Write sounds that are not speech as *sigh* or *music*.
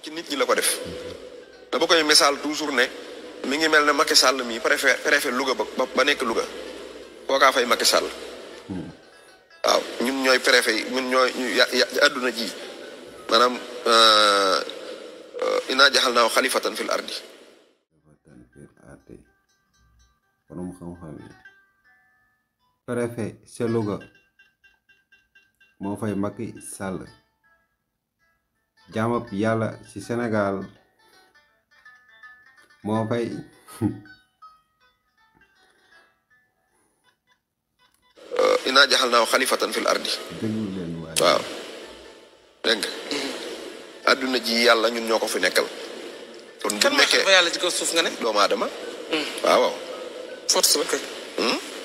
ci nit ñi la ko def dama koy misaal toujours ne mi ngi mel ne Macky Sall mi préfet préfet Louga ba ba nekk Louga kookaa fay Macky Sall hmm. waaw ñun ñooy préfet yi ñun ñooy àdduna ya, ya, euh, euh, fil ardi borom xam-xam yi préfet ca Louga moo fay jàmm piala si senegal mo fay *laughs* ina jahalna khalifatan fil ardi waaw dégg nga àdduna ji yalla ñun ñoko fi nekkal kon bu kan nekkee yàlla ci ko suuf nga ne doomu aadama hmm. waaw waaw force la kay hmm?